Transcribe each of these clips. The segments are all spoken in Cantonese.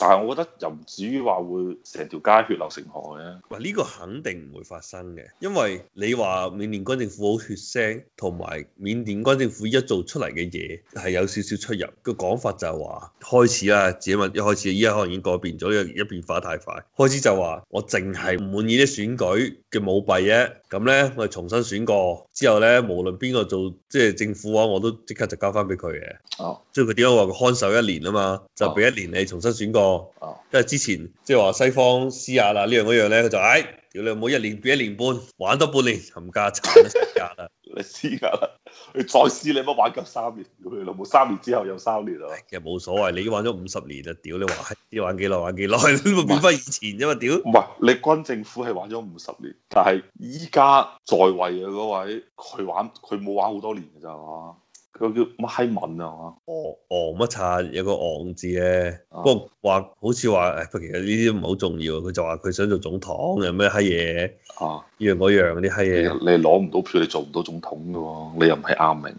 但係我覺得又唔至於話會成條街血流成河嘅。呢個肯定唔會發生嘅，因為你話緬甸軍政府好血腥，同埋緬甸軍政府一做出嚟嘅嘢係有少少出入。個講法就係話開始啦，只係一開始依家可能已經改變咗，因為變化太快。開始就話我淨係唔滿意啲選舉嘅舞弊啫，咁呢，我哋重新選過之後呢，無論邊個做即係政府話、啊、我都即刻就交翻俾佢嘅。哦，即係佢點解話佢看守一年啊嘛，oh. 就俾一年你重新選過。哦，因為之前即係話西方試下啦，樣樣呢樣嗰樣咧，佢就唉，屌你老母一年變一年半，玩多半年冚家鏟都試下啦，你試 下啦，你再試你乜玩夠三年，屌你老母三年之後又三年啊，其實冇所謂，你已經玩咗五十年啊，屌你話知玩幾耐玩幾耐，你變翻以前啫嘛，屌，唔係，你軍政府係玩咗五十年，但係依家在位嘅嗰位，佢玩佢冇玩好多年噶咋嘛？佢叫乜閪文啊？昂哦，乜、哦、柒、嗯？有個昂、嗯、字咧、啊，啊、不過話好似話誒，其實呢啲唔係好重要。佢就話佢想做總統有咩閪嘢？啊，呢樣嗰樣嗰啲閪嘢，你攞唔到票，你做唔到總統㗎喎、啊。你又唔係阿明。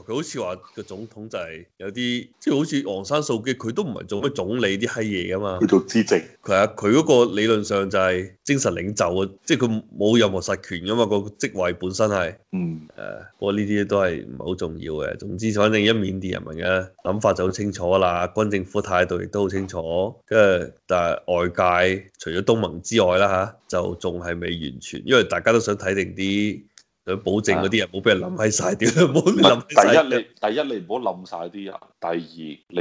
佢好似話個總統就係有啲，即係好似昂山素姬，佢都唔係做咩總理啲閪嘢噶嘛，佢做資政。係啊，佢嗰個理論上就係精神領袖啊，即係佢冇任何實權噶嘛，個職位本身係。嗯。誒、啊，不過呢啲都係唔係好重要嘅。總之，反正而家緬甸人民嘅諗法就好清楚啦，軍政府態度亦都好清楚。跟住，但係外界除咗東盟之外啦嚇、啊，就仲係未完全，因為大家都想睇定啲。想保證嗰啲嘢冇俾人冧喺晒，點冇冧喺晒？第一，你第一你唔好冧晒啲人；第二，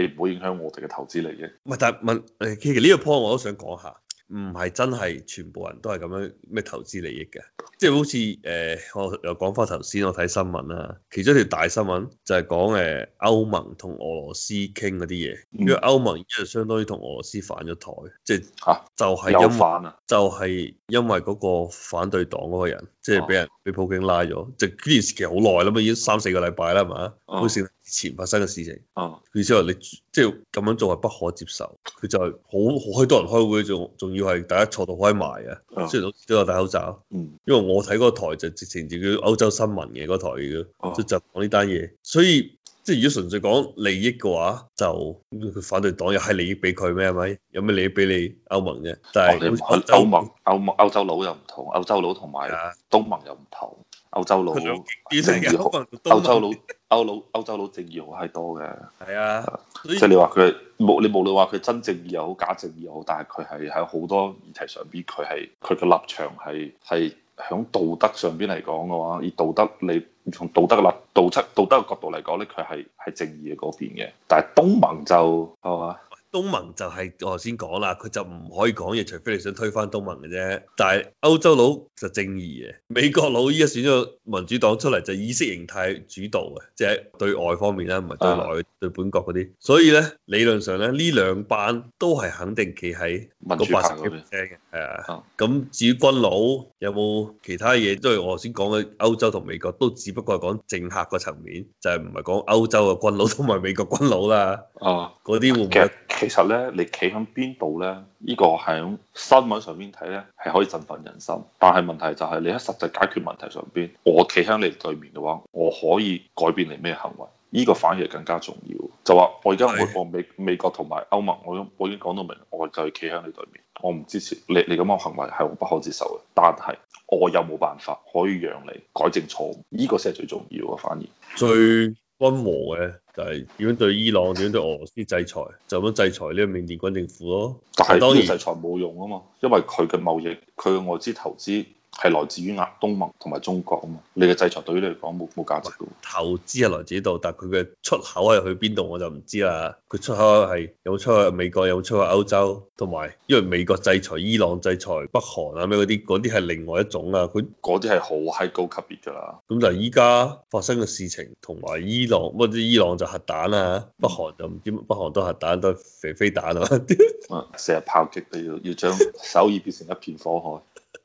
你唔好影響我哋嘅投資利益。唔係，但係問誒，其實呢個 point 我都想講下，唔係真係全部人都係咁樣咩投資利益嘅，即係好似誒，我又講翻頭先，我睇新聞啦，其中一條大新聞就係講誒歐盟同俄羅斯傾嗰啲嘢，因為歐盟而家相當於同俄羅斯反咗台，即係吓，就係因就係因為嗰個反對黨嗰個人。即係俾人俾普京拉咗，即係件事其實好耐啦嘛，已經三四個禮拜啦，係嘛？好似、啊、以前發生嘅事情，意思話你即係咁樣做係不可接受，佢就係好好多人開會，仲仲要係大家坐度開埋嘅，啊、雖然都有戴口罩，嗯、因為我睇嗰個台就直情叫歐洲新聞嘅嗰台嘅，啊、就講呢單嘢，所以。即係如果純粹講利益嘅話，就佢反對黨又係利益俾佢咩？係咪？有咩利益俾你歐盟啫？但係歐洲、歐洲、歐洲佬又唔同，歐洲佬同埋東盟又唔同。歐洲佬正義好，歐洲佬歐老歐洲佬正義好係多嘅。係啊，即係你話佢冇，你無論話佢真正義又好，假正義又好，但係佢係喺好多議題上邊，佢係佢嘅立場係係。喺道德上邊嚟講嘅話，而道德你從道德嘅立道德道德嘅角度嚟講咧，佢係係正義嘅嗰邊嘅，但係東盟就。東盟就係我頭先講啦，佢就唔可以講嘢，除非你想推翻東盟嘅啫。但係歐洲佬就正義嘅，美國佬依家選咗民主黨出嚟，就意識形態主導嘅，即係對外方面啦，唔係對內、啊、對本國嗰啲。所以咧，理論上咧，呢兩班都係肯定企喺個八成嘅。係的啊，咁至於軍佬有冇其他嘢，都係我頭先講嘅。歐洲同美國都只不過係講政客個層面，就係唔係講歐洲嘅軍佬同埋美國軍佬啦。哦、啊，嗰啲會唔會？其實咧，你企喺邊度咧？呢個喺新聞上面睇咧，係可以振奮人心。但係問題就係你喺實際解決問題上邊，我企喺你對面嘅話，我可以改變你咩行為？呢個反而更加重要。就話我而家我我美美國同埋歐盟，我我已經講到明，我就係企喺你對面。我唔支持你你咁樣行為係我不可接受嘅。但係我有冇辦法可以讓你改正錯誤？呢個先係最重要啊！反而最。溫和嘅就係、是、點樣對伊朗、點樣對俄羅斯制裁，就點樣制裁呢個緬甸軍政府咯。但係是當然制裁冇用啊嘛，因為佢嘅貿易、佢嘅外資投資。係來自於亞東盟同埋中國啊嘛，你嘅制裁對於你嚟講冇冇價值。投資係來自於度，但係佢嘅出口係去邊度我就唔知啦。佢出口係有，有出去美國，有，有出去歐洲，同埋因為美國制裁、伊朗制裁、北韓啊咩嗰啲，嗰啲係另外一種啊。佢嗰啲係好喺高級別噶啦。咁就依家發生嘅事情，同埋伊朗，乜之伊朗就核彈啊，北韓就唔知北韓都核彈都飛飛彈啊，啊，成日炮擊都要要將首爾變成一片火海。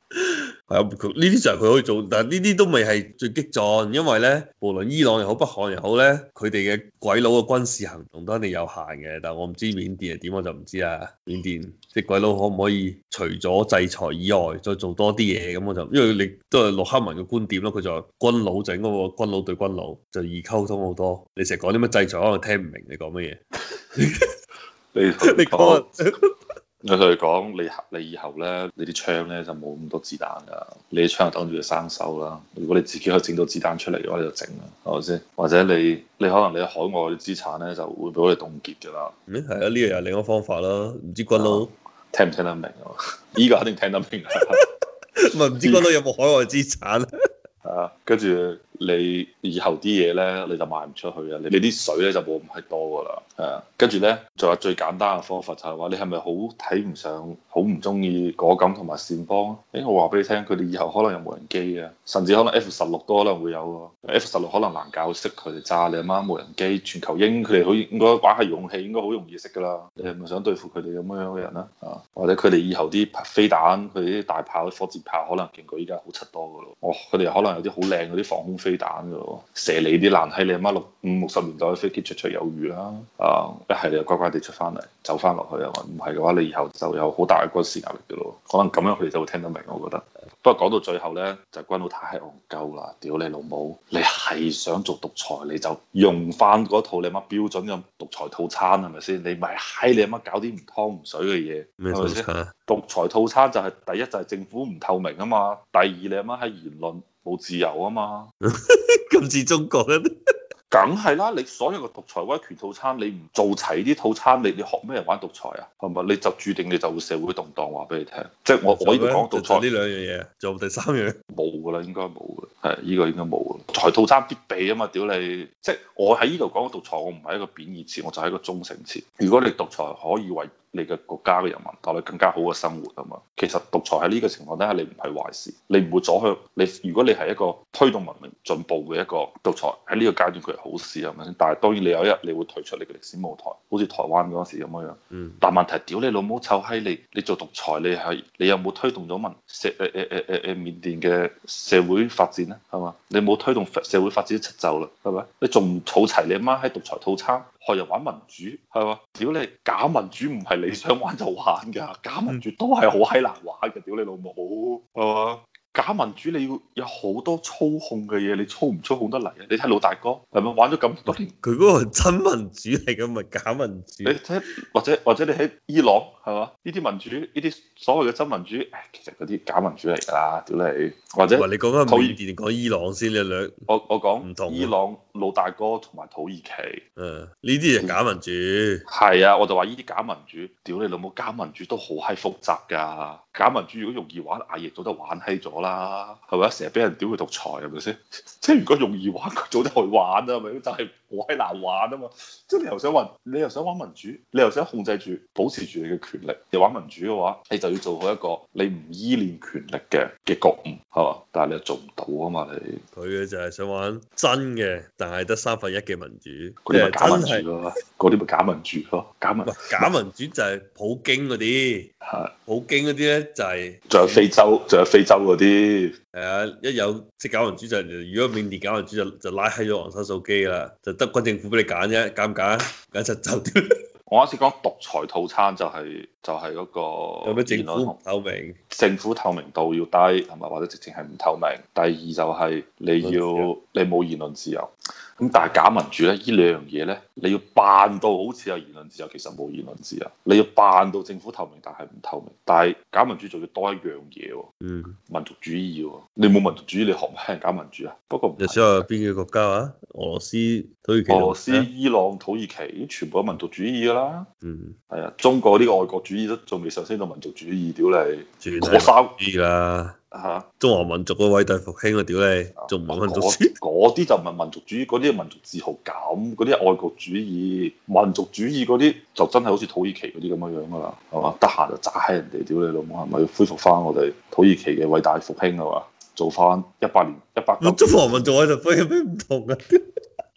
係啊，佢呢啲就係佢可以做，但係呢啲都未係最激進，因為咧，無論伊朗又好、北韓又好咧，佢哋嘅鬼佬嘅軍事行動都肯定有限嘅。但係我唔知緬甸係點，我就唔知啊。緬甸即係鬼佬可唔可以除咗制裁以外，再做多啲嘢？咁我就因為你都係陸克文嘅觀點咯，佢就話軍佬整應該個軍佬對軍佬就易溝通好多。你成日講啲乜制裁，可能聽唔明你講乜嘢。你你講。老實嚟講，你你以後咧，你啲槍咧就冇咁多子彈噶，你啲槍等住佢生鏽啦。如果你自己可以整到子彈出嚟嘅話，你就整啦，係咪先？或者你你可能你海外啲資產咧就會俾佢凍結噶啦。嗯，係啊，呢個又另一個方法啦。唔知君都、啊、聽唔聽得明？依 個肯定聽得,得明。唔係唔知君都有冇海外資產？係 啊，跟住。你以後啲嘢咧，你就賣唔出去啊！你你啲水咧就冇咁閪多噶啦。係啊，跟住咧，仲有最簡單嘅方法就係話，你係咪好睇唔上，好唔中意果敢同埋善邦？誒、欸，我話俾你聽，佢哋以後可能有無人機啊，甚至可能 F 十六都可能會有喎。F 十六可能難教識佢哋炸你阿媽，媽無人機，全球鷹佢哋好應該玩下勇氣，應該好容易識噶啦。你係咪想對付佢哋咁樣嘅人咧？啊，或者佢哋以後啲飛彈，佢哋啲大炮、火箭炮，可能勁過依家好七多噶咯。哦，佢哋可能有啲好靚嗰啲防空。飛彈嘅喎，射你啲爛閪，你阿媽六五六十年代嘅飛機綽綽有餘啦，啊，啊，一係你又乖乖哋出翻嚟，走翻落去啊嘛，唔係嘅話，你以後就有好大嘅軍事壓力嘅咯。可能咁樣佢哋就會聽得明，我覺得。不過講到最後呢，就係軍佬太戇鳩啦，屌你老母，你係想做獨裁，你就用翻嗰套你阿媽標準嘅獨裁套餐係咪先？你咪嗨你阿媽搞啲唔湯唔水嘅嘢，係咪先？獨裁套餐就係、是、第一就係、是、政府唔透明啊嘛，第二你阿媽喺言論冇自由啊嘛，咁似中國嘅，梗係啦！你所有嘅獨裁威權套餐，你唔做齊啲套餐，你你學咩人玩獨裁啊？係咪？你就注定你就會社會動盪，話俾你聽。即係我我依度講獨裁呢兩樣嘢，做第三樣冇㗎啦，應該冇嘅。係依、呢個應該冇嘅，財套餐必備啊嘛！屌你，即係我喺呢度講獨裁，我唔係一個貶義詞，我就係一個中性詞。如果你獨裁可以為你嘅國家嘅人民帶嚟更加好嘅生活啊嘛，其實獨裁喺呢個情況底下，你唔係壞事，你唔會阻向。你。如果你係一個推動文明進步嘅一個獨裁，喺呢個階段佢係好事係咪先？但係當然你有一日你會退出你嘅歷史舞台，好似台灣嗰陣時咁樣。嗯。但問題，屌你老母臭閪你！你做獨裁你係你有冇推動咗文社誒誒誒誒誒緬甸嘅社會發展啊？係嘛，你冇推動社會發展嘅就啦，係咪？你仲唔儲齊你阿媽喺獨裁套餐？學人玩民主係嘛？屌你假民主唔係你想玩就玩噶，假民主都係好閪難玩嘅，屌 你老母係嘛？吧假民主你要有好多操控嘅嘢，你操唔操控得嚟啊？你睇老大哥係咪玩咗咁多年？佢嗰個真民主嚟嘅咪假民主？你睇或者或者你喺伊朗係嘛？呢啲民主呢啲所謂嘅真民主，哎、其實嗰啲假民主嚟㗎啦，屌你或者喂，你講緊緬甸講伊朗先，你兩我我講唔同伊朗。老大哥同埋土耳其，嗯，呢啲人假民主，係啊，我就話呢啲假民主，屌你老母假民主都好閪複雜㗎，假民主如果容易玩，阿爺早就玩閪咗啦，係咪成日俾人屌佢獨裁係咪先？即係、就是、如果容易玩，佢早就去玩啦，係咪？就係好閪難玩啊嘛，即、就、係、是、你又想玩，你又想玩民主，你又想控制住、保持住你嘅權力，又玩民主嘅話，你就要做好一個你唔依戀權力嘅嘅覺悟，係嘛？但係你又做唔到啊嘛，你佢嘅就係想玩真嘅。係得三分一嘅民主，嗰啲咪假民主咯，嗰啲咪假民主咯，假民主。 假民主就係普京嗰啲，普京嗰啲咧就係、是。仲有非洲，仲有非洲嗰啲。係啊，一有即係、就是、假民主就，如果緬甸假民主就就拉閪咗昂山素姬啦，就得軍政府俾你揀啫，揀唔揀，揀實走。我一次講獨裁套餐就係就係嗰個，政府透明，政府透明度要低，係咪？或者直情係唔透明？第二就係你要你冇言論自由。咁但係假民主咧，依兩樣嘢咧，你要扮到好似有言論自由，其實冇言論自由；你要扮到政府透明，但係唔透明。但係假民主仲要多一樣嘢喎，嗯，民族主義喎、啊。你冇民族主義，你學咩人假民主啊？不過你想話邊個國家啊？俄羅斯、土耳其、俄羅斯、伊朗、土耳其，啊、全部都民族主義噶啦。嗯，係啊，中國啲愛國主義都仲未上升到民族主義，屌你，我三二義吓！中華民族嘅偉大復興啊！屌你！做民族主嗰啲就唔係民族主義，嗰啲係民族自豪感，嗰啲係愛國主義。民族主義嗰啲就真係好似土耳其嗰啲咁嘅樣噶啦，係嘛？得閒就炸喺人哋，屌你老母！係咪要恢復翻我哋土耳其嘅偉大復興啊？嘛，做翻一百年一百年。咁中華民族喺度有咩唔同啊？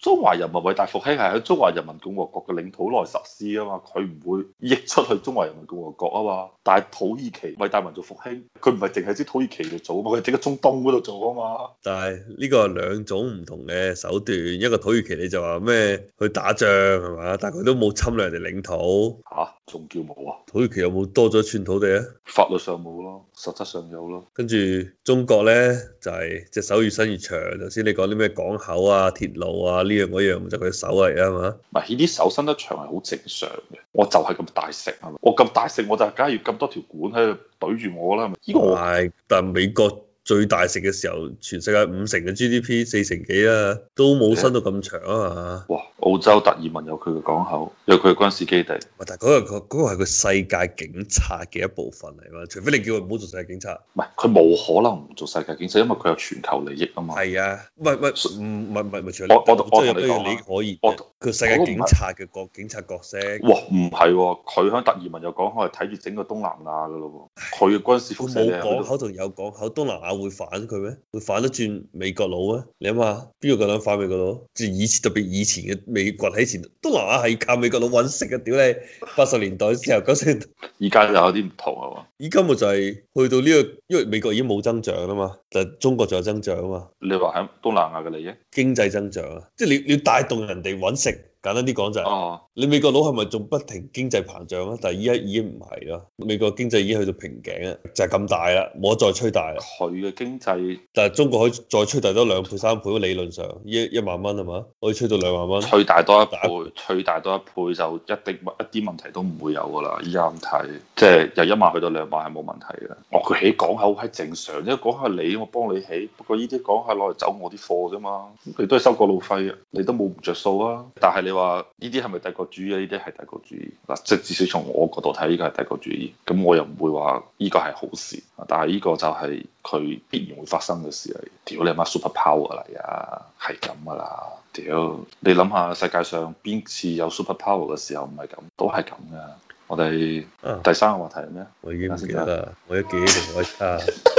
中華人民偉大復興係喺中華人民共和國嘅領土內實施啊嘛，佢唔會溢出去中華人民共和國啊嘛。但係土耳其偉大民族復興，佢唔係淨係喺土耳其度做嘛，佢整個中東嗰度做啊嘛。但係呢個係兩種唔同嘅手段，一個土耳其你就話咩去打仗係嘛？但係佢都冇侵略人哋領土嚇，仲叫冇啊？土耳其有冇多咗一寸土地啊？法律上冇咯。實質上有咯，跟住中國咧就係、是、隻手越伸越長。頭先你講啲咩港口啊、鐵路啊呢樣嗰樣，就佢、是、手嚟啊嘛。唔係啲手伸得長係好正常嘅，我就係咁大食，我咁大食我就梗係要咁多條管喺度對住我啦。呢、這個係，但美國，最大食嘅時候，全世界五成嘅 GDP，四成幾啊，都冇伸到咁長啊哇！澳洲達爾文有佢嘅港口，有佢嘅軍事基地。但嗰、嗰個佢嗰、嗰個係世界警察嘅一部分嚟嘛？除非你叫佢唔好做世界警察，唔係佢冇可能唔做世界警察，因為佢有全球利益啊嘛。係啊，唔係唔係唔係，除咗澳你可以。佢世界警察嘅角警察角色。哇！唔係喎，佢喺達爾文有港口係睇住整個東南亞㗎咯喎，佢嘅唉軍事複製冇港口同有港口，有港口東南亞。會反佢咩？會反得轉美國佬咩？你諗下，邊個夠膽反美國佬？即係以前，特別以前嘅美國喺前東南亞係靠美國佬搵食嘅。屌你，八十年代之後嗰時候，九成。而家就有啲唔同係嘛？而家咪就係去到呢個，因為美國已經冇增長啦嘛，但係中國仲有增長啊嘛。你話喺東南亞嘅利益？經濟增長啊，即係你要你帶動人哋搵食。簡單啲講就係、是，uh huh. 你美國佬係咪仲不停經濟膨脹啊？但係依家已經唔係咯，美國經濟已經去到瓶頸啦，就係、是、咁大啦，冇再吹大。佢嘅經濟，但係中國可以再吹大多兩倍三倍咯。理論上，一一萬蚊係嘛，可以吹到兩萬蚊，吹大多一倍，吹是大多一倍就一定，一啲問題都唔會有噶啦。依家唔睇，即係由一萬去到兩萬係冇問題嘅。我、就是哦、起港口係正常，因為港下你我幫你起，不過呢啲港口攞嚟走我啲貨啫嘛，佢都係收過路費嘅，你都冇唔着數啊。但係你話呢啲係咪帝國主義啊？呢啲係帝國主義嗱，即至少從我角度睇，呢個係帝國主義。咁我又唔會話呢個係好事，但係呢個就係佢必然會發生嘅事嚟。屌你媽 super power 嚟啊，係咁噶啦！屌你諗下世界上邊次有 super power 嘅時候唔係咁，都係咁噶。我哋第三個話題係咩？啊，我已經唔記得啦。我都唔